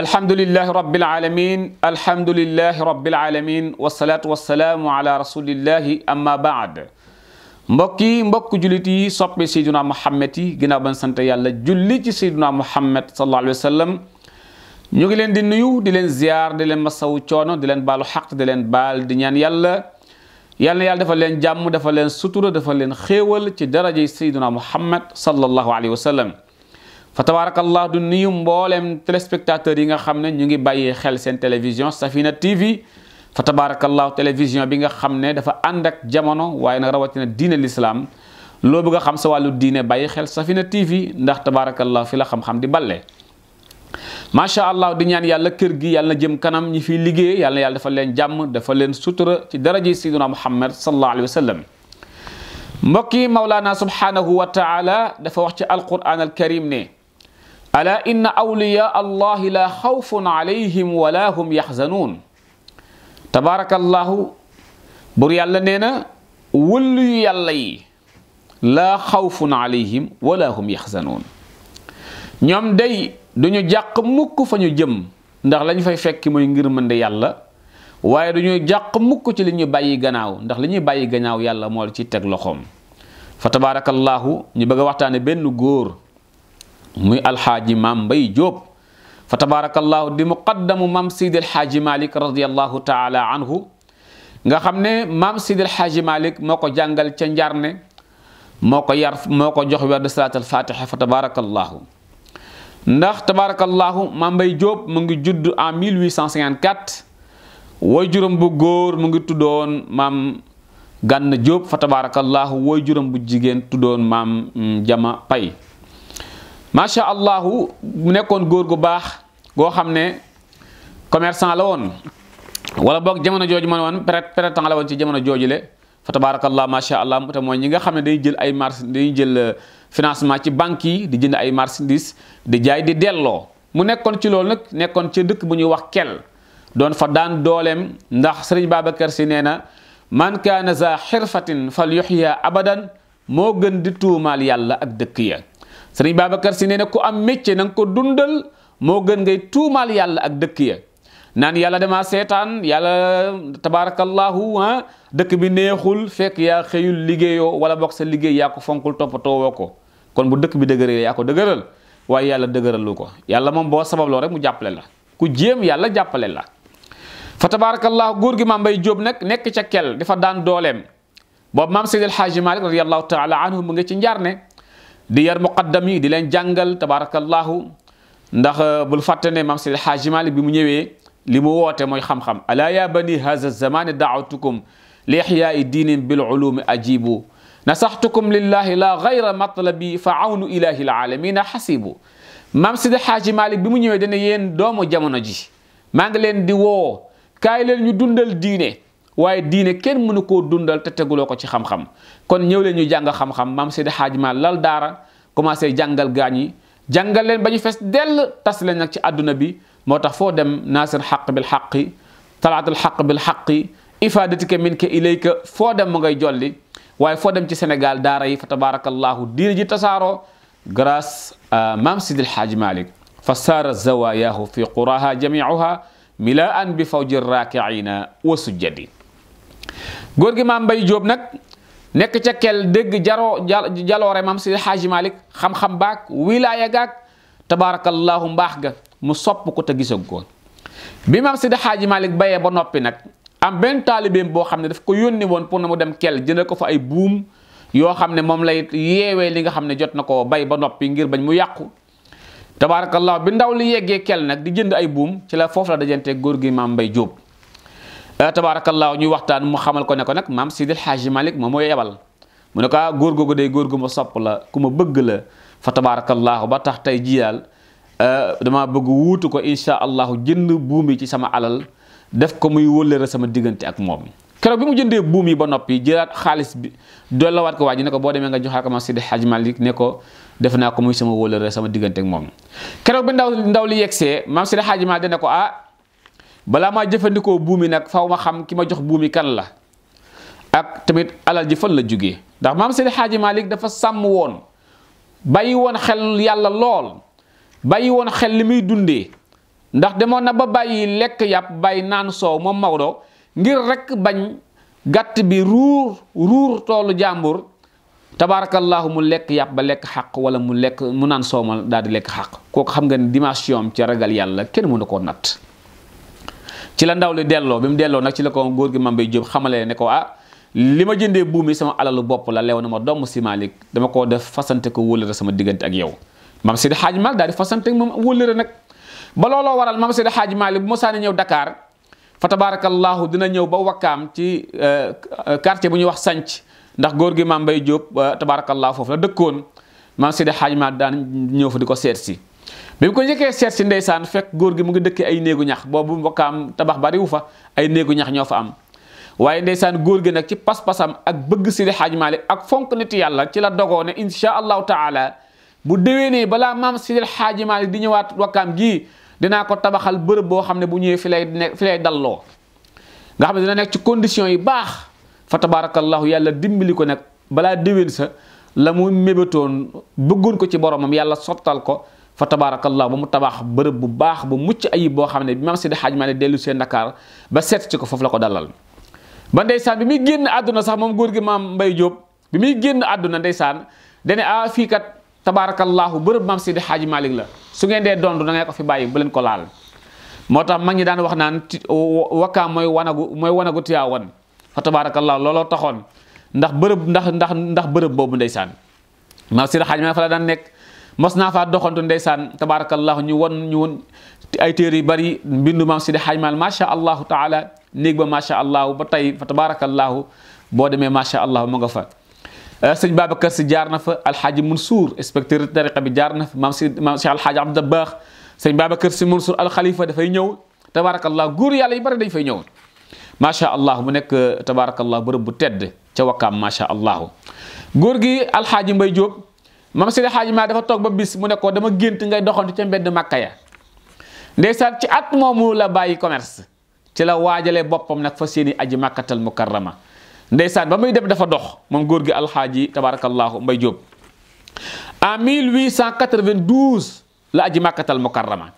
الحمد لله رب العالمين الحمد لله رب العالمين والصلاة والسلام على رسول الله أما بعد مكي مكو جلتي صب سيدنا محمد جنا بن سنت يالا جلتي سيدنا محمد صلى الله عليه وسلم نيغي لين دي نيو دي لين زيار دي لين مساو تيونو دي لين بالو حق دي لين بال دي نيان يالا يالا يالا دافا لين جام دافا لين سوتورو دافا لين خيوال تي درجه سيدنا محمد صلى الله عليه وسلم فتبارك الله دو نيو مبولم تلسبكتاتور ييغا خامن نيغي بايي خيل سين تيليفزيون سفينه تي في فتبارك الله تيليفزيون بيغا خامن دا فا اندك جامونو واي نا رواتينا دين الاسلام لو بغا خام سوالو دين بايي خيل سفينه تي في نده تبارك الله في لا خام خام دي بالي ما شاء الله دي نيان يالا كير غي يالنا جيم كانام ني في ليغي يالنا يالا دافا لين جام دافا لين سوتور تي درجه سيدنا محمد صلى الله عليه وسلم مكي مولانا سبحانه وتعالى دفع وقت القرآن الكريم نيه ala inna awliya allahi la xawfun alayhim wala hum yaxzanuun tabaarakallaahu bur yàlla nee na wëllu yàlla yi laa xawfun alayhim wala hum yaxzanuun ñoom day duñu jàq mukk fa ñu jëm ndax lañ fay fekk mooy ngir mënde yàlla waaye duñu jàq mukk ci li ñu bàyyi gannaaw ndax li ñuy bàyyi gannaaw yàlla moo ci teg loxoom fa tabaarakallaahu ñu bëgg a waxtaane benn góor muy alhaji mam bay job fa tabarakallahu di muqaddamu mam sidil haji malik radiyallahu taala anhu nga xamne mam sid sidil haji malik moko jangal ci ca njarne moo yar moko ko jox werd salaat alfatiha fa tabarakallahu ndax tabarakallahu mam bay job mu ngi judd en 1854 way juróom bu gor mu ngi tudon mam gan job fa tabarakallahu way bu jigen tudon mam jama pay masha Allah, mu nekkon góor gu bax go xamne ne commerçant la won wala bok jamono jooju ma ne woon peret la won ci jamono joju le fa tabarakallah masha allah mu te mooy ñi nga xamne di day jël ay mars day jël euh, financement ci banki di jënd ay dis di jaay di dello, mu nekkon ci lool nak nekkon ci dëkk bu ñu wax kel don fa daan dolem ndax serigne babakar si neena man kana za hirfatin falyuhya abadan mo gën di tuumaal yalla ak dëkk ya sëriñ Babacar si nee na ku am métier na nga ko dundal moo gën ngay tuumaal yàlla ak dëkk ya naan yàlla demaa seetaan yàlla tabaarakallahu ah dëkk bi neexul fekk ya xëyul liggéeyoo wala bokk sa liggéey yaa ko fonkul toppatoo woo ko kon bu dëkk bi dëgëree yaa ko dëgëral waaye yàlla dëgëralu ko yàlla moom boo sababloo rek mu jàppale la ku jéem yàlla jàppale la fa tabaarakallahu góor gi maam Mbay Jóob nag nekk ca kel dafa daan dooleem boobu maam Seydil Haaji mu ngi ci njaar di yar muqaddam di leen jàngal tabarakallahu ndax euh, bul fàtte ne maam Seydi bi mu ñëwee li mu woote mooy xam-xam alaa ya bani haza zamani daawatukum li ixyaai diinin bil ulumi ajibu nasaxtukum lillahi la gayra matlabi fa awnu ilahi alalamina xasibu maam Seydi Haaji Maalik bi mu ñëwee dana yéen doomu jamono ji maa ngi leen di woo kaay leen ñu dundal diine waaye diine kenn mënu koo dundal te teguloo ko ci xam-xam kon ñëw leen ñu jàng xam-xam maam Seydi Hadji Malick lal daara commencé jàngal gaañ yi jàngal leen ba ñu fes dell tas leen nag ci àdduna bi moo tax foo dem naasir xaq bil xaqi talaatul xaq bil xaqi ifaadatika minka ilayka foo dem mu ngay jolli waaye foo dem ci Sénégal daara yi fa tabarakallahu diine ji tasaaroo grâce à maam Seydi Hadji Malick fa saara zawaayahu fi quraha jamiuha milaan bi fawji raakiina wa sujjadi góor gi maam Mbay Jóob nag nekk ca kel dégg jaroo jaloore maam si xaaji Malick xam-xam baak wilaaya gaag tabaarakallaahu mbaax ga mu sopp ko te gisag ko bi maam si xaaji Malick bayee ba noppi nag am benn taalibeem boo xam ne daf ko yónni woon pour na mu dem kel jëndal ko fa ay buum yoo xam ne moom lay yeewee li nga xam ne jot na ko bay ba noppi ngir bañ mu yàqu tabaarakallaahu bi ndaw li yeggee kel nag di jënd ay buum ci la foofu la dajante góor gi maam Mbay Jóob Eh, tabaarakallaahu ñuy waxtaan mu xamal ko ne ko nag maam Sidil Xaaji Malik moom mooy yebal mu ne ko ah góor googu day góor gu ma sopp la ku ma bëgg la fa tabaarakallaahu ba tax tey jii daal eh, dama bëgg wuutu ko insha allahu jënd buum yi ci sama alal def ko muy wëllëre sama diggante ak moom keroog bi mu jëndee buum yi ba noppi jëlaat xaalis bi dollawaat ko waa ji ne ko boo demee nga joxaat ko maam Sidil Xaaji Malik ne ko def naa ko muy sama wëllëre sama diggante moom ndaw ndaw li yegsee maam Sidil Xaaji Malik ko ah balaa maa jëfandikoo buumi nag faw ma xam ki ma jox buumi kan la ak tamit alal ji fan la jóge ndax maam Seydi Xaaji Malik dafa sàmm woon bàyyi woon xel yàlla lool bàyyi woon xel li muy dundee ndax demoon na ba bàyyi lekk yàpp bàyyi naan soow moom Maodo ngir rekk bañ gàtt bi ruur ruur toolu jàmbur tabaarakallaahu mu lekk yàpp ba lekk xaq wala mu lekk mu naan soow ma daal di lekk xaq kooku xam nga ne dimension am ci ragal yàlla kenn mënu koo natt ci la ndaw li delloo bi mu delloo nag ci la ko góor gi mam bay jóob xamale ne ko ah li ma jënde buum yi sama alalu bopp la lew na ma doom si maalik dama ko def fasante ko wóllëre sama diggante ak yow mam Seydi Hadj Malick daal di fasante moom wóllëre nag ba looloo waral mam Seydi Hadj Malick bu ma saani ñëw Dakar fa tabarakallahu dina ñëw ba wakkaam ci euh, quartier bu ñuy wax sanc ndax góor gi mam bay jóob euh, tabarakallahu foofu la dëkkoon mam Seydi xaaj Malick daan ñëw fa di ko seet si bi mu ko njëkkee seet si ndeysaan fekk góor gi mu ngi dëkkee ay néegu ñax boobu mbokkaam tabax bariwu fa ay néegu ñax ñoo fa am waaye ndeysaan góor gi nag ci pas-pasam ak bëgg si di xaaj maalik ak fonk yàlla ci la dogoo ne insha allahu taala bu déwénee balaa maam sidil xaaji maalik di ñëwaat wakkaam gii dinaa ko tabaxal bërëb boo xam ne bu ñëwee fi lay ne fi dalloo nga xam ne dina nekk ci condition yi baax fa tabaarakallahu yàlla dimbali ko nag balaa déwén sa la mu mébétoon bëggoon ko ci boromam yàlla sottal ko fa tabarakallah bu mu tabax bu bax bu mucc ayib bo xamne bi maam Seydi Hadj Malick dellu Dakar ba set ci ko foofu la ko dalal ba ndeysaan bi mi genn aduna sax mom góor gi mam mbay job bi mi genn aduna ndeysaan dene a ah, fi kat tabarakallah bërëb maam Seydi Hadj la su ngeen de dondu da ngay ko fi bayyi bu len ko laal motax mag ñi daan wax naan waka moy wanagu moy wanagu tiyawon fa tabarakallah lolo taxoon ndax bërëb ndax ndax ndax bërëb bobu ndeysaan maam Seydi Hadj fa la daan nek mos naa faa doxantu ndeysaan tabarakallahu ñu won ñu won ay téere yu bari mbindu maam Sidi Xaaj Maal macha allahu taala néeg ba macha allahu ba tey fa tabarakallahu boo demee macha allahu mu nga fa. Eh, sëñ Babacar si jaar na fa alxaaji Mansour inspecteur tariqa bi jaar na fa maam si maam si alxaaji Abdu Dabaax sëñ Babacar si Mansour alxalifa dafay ñëw tabarakallahu góor yàlla yi bari dañ fay ñëw macha allah bu nekk tabarakallahu bërëb bu tedd ca wakkaam macha allah góor gi alxaaji Mbay Jóob mam sidi xaaji ma dafa tok ba bis mu ne ko dama gënt ngay doxantu ci mbedd makka ya ndeysaan ci at momu la bayyi commerce ci la wajale bopam nak fa seeni aji makkatal mukarrama ndeysaan ba muy dem dafa dox mom goor gi alxaaji tabarakallahu mbay job en 1892 la aji makkatal mukarrama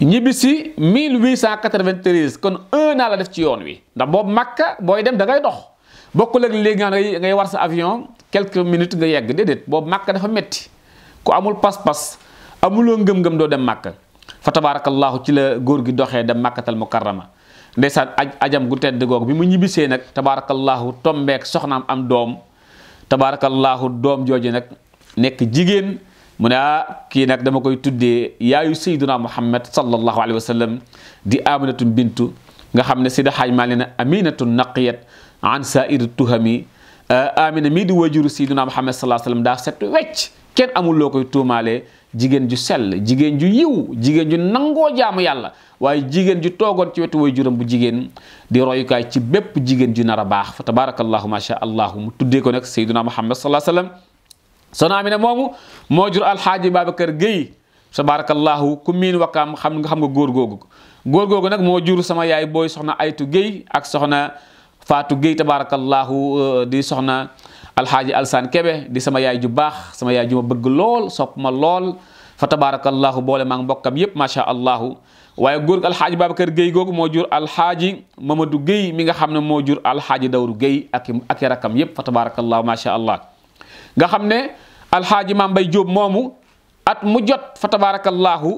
ñibisi 1893 kon 1 ala def ci yoon wi ndax bob makka boy dem da ngay dox bokk ak léegi nga ngay war sa avion quelques minutes nga yegg déedéet boobu màkk dafa metti ku amul pas-pas amuloo ngëm-ngëm doo dem màkk fa tabaarakallaahu ci la góor gi doxee dem màkkatal mukarrama ndeysaan aj ajam gu tedd googu bi mu ñibbisee nag tabaarakallaahu tombeek soxnaam am doom tabaarakallaahu doom jooju nag nekk jigéen mu ne ah, kii nag dama koy tuddee yaayu sayduna muhammad sallallahu alayhi wa sallam di aminatun bintu nga xam ne si sida xaaj maa leen aminatun naqiyat an saa'iri tuhami euh, amina mii di wajuru sayyidina Muhammad sallallahu alayhi wasallam daa set wecc kenn amuloo koy tuumaalee jigéen ju sell jigéen ju yiw jigéen ju nangoo jaamu yàlla waaye jigéen ju toogoon ci wetu waajuram bu jigéen di royukaay ci bépp jigéen ju nar a baax fa tabarakallahu ma sha allah mu tuddee ko nag sayyidina Muhammad sallallahu alayhi wasallam sona amina moomu moo jur alxaaji kër Guèye tabarakallahu ku miin wakkaam xam nga xam nga góor googu góor googu nag moo jur sama yaay booy soxna Aytu Guèye ak soxna Faatu Géey tabaarakallaahu euh, di soxna alxaaji Alsaan Kebe di sama yaay ju baax sama yaay ju ma bëgg lool sopp ma lool fa tabaarakallaahu boole maa ngi mbokkam yépp macha allahu waaye góor alxaaji kër Géey googu moo jur alxaaji Mamadou Géey mi nga xam ne moo jur alxaaji Dawru Géey ak ak rakkam yépp fa tabaarakallaahu macha nga xam ne alxaaji Maam Mbay mu jot fa tabaarakallaahu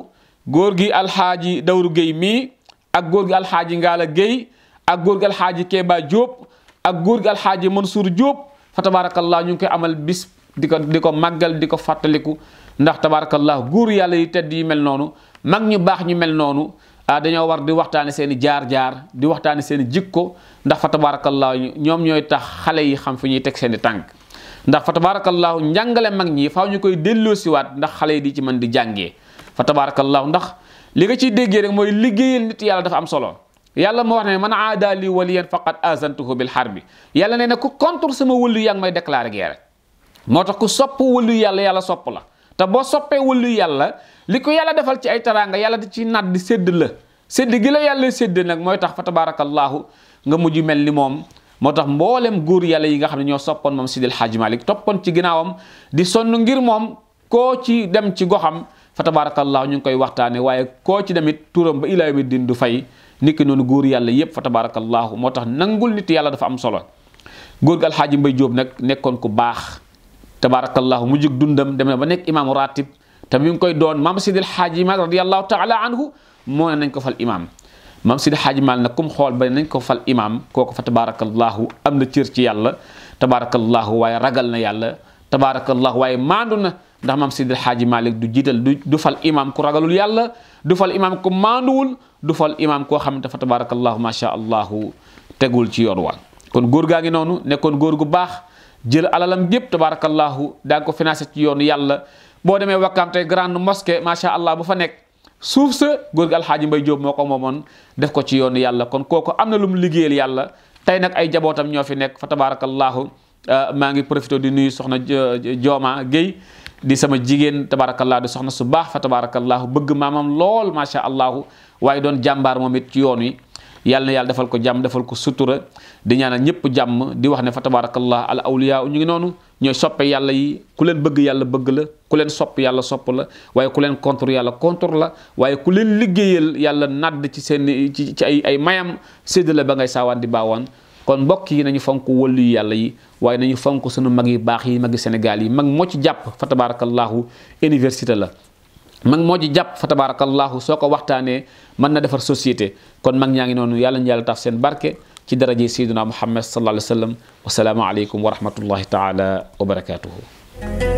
gi alxaaji Dawru Géey mii ak góor gi alxaaji Ngaala Géey ak góor gi alxaaji Kéba jóob ak góor gi alxaaji Mansour Diop fa tabaarakallaa ñu ngi koy amal bis di ko di ko màggal di ko fàttaliku ndax tabaarakallaa góor yàlla yi tedd yi mel noonu mag ñi baax ñu mel noonu ah, dañoo war di waxtaane seen i jaar-jaar di waxtaane seen i jikko ndax fa tabaarakallaa ñoom ñooy tax xale yi xam fi ñuy teg seen i tànk ndax fa tabaarakallaahu njàngale mag ñi faw ñu koy delloosiwaat ndax xale yi di ci mën di jàngee fa tabaarakallaahu ndax li nga ciy déggee rek mooy liggéeyal nit yàlla dafa am solo yàlla moo wax ne man aada li waliyan faqad azantuhu bil harbi yàlla nee na ku contre sama wëllu yaa ngi may déclaré guerre moo tax ku sopp wëllu yàlla yàlla sopp la te boo soppee wëllu yàlla li ko yàlla defal ci ay taraanga yàlla di ci nat di sédd la sédd gi la yàlla sédd nag mooy tax fa tabaarakallaahu nga mujj mel ni moom moo tax mboolem góor yàlla yi nga xam ne ñoo soppoon moom Sidil Hadji Malick toppoon ci ginnaawam di sonn ngir moom koo ci dem ci goxam fa tabaarakallaahu ñu ngi koy waxtaane waaye koo ci damit turam ba ilaa mi din du fay niki noonu góor yàlla yépp fa tabaarakallaahu moo tax nangul nit yàlla dafa am solo góor gi alxaaji mbay jóob nag nekkoon ku baax tabaarakallaahu mu jug dundam dem na ba nekk imaamu ratib te mi ngi koy doon maam sidil xaaji maal radiallahu taala anhu moo ne nañ ko al imaam maam sidil xaaji maal na kum xool ba nañ ko fal imaam kooku fa tabaarakallaahu am na cër ci yàlla tabaarakallaahu waaye ragal na yàlla ndax maam Seydil Xaaji Malick du jiital du du fal imaam ku ragalul yàlla du fal imaam ku maanduwul du fal imaam koo xam ne dafa tabarakallahu ma sha allahu tegul ci yoon wa kon góor gaa ngi noonu nekkoon góor gu baax jël alalam gépp tabarakallahu daa ko financé ci yoon yàlla boo demee wakkaam tey grande mosquée ma sha allah bu fa nekk suuf sa góor gi alxaaji mbay jóob moo ko moomoon def ko ci yoon yàlla kon kooku am na lu mu liggéeyal yàlla tey nag ay jabootam ñoo fi nekk fa tabarakallahu ah, maa ngi profité di nuyu soxna jooma Guèye di sama jigéen tabaarakallaahu di soxna su baax fa tabaarakallaahu bëgg maamam lool macha allahu waaye doon jàmbaar moom it ci yoon wi yàlla na yàlla defal ko jàmm defal ko sutura di ñaanal ñëpp jàmm di wax ne fa tabaarakallaahu al awliyaa ñu ngi noonu ñooy soppe yàlla yi ku leen bëgg yàlla bëgg la ku leen sopp yàlla sopp la waaye ku leen contre yàlla contre la waaye ku leen liggéeyal yàlla nadd ci seen ci ci ay ay mayam sédd la ba ngay saawaan di baawaan kon mbokk yi nañu fonk wëllu yàlla yi waaye nañu fonk sunu mag yi baax yi magi Sénégal yi mag moo ci jàpp fa tabaarakallaahu université la mag moo ci jàpp fa tabaarakallaahu soo ko waxtaanee mën na defar société kon mag ñaa ngi noonu yàlla ñu yàlla taaf seen barke ci daraje sayyidina Muhammad sallallahu alayhi wa sallam wasalaamu aleykum wa rahmatullahi taala wa barakatuhu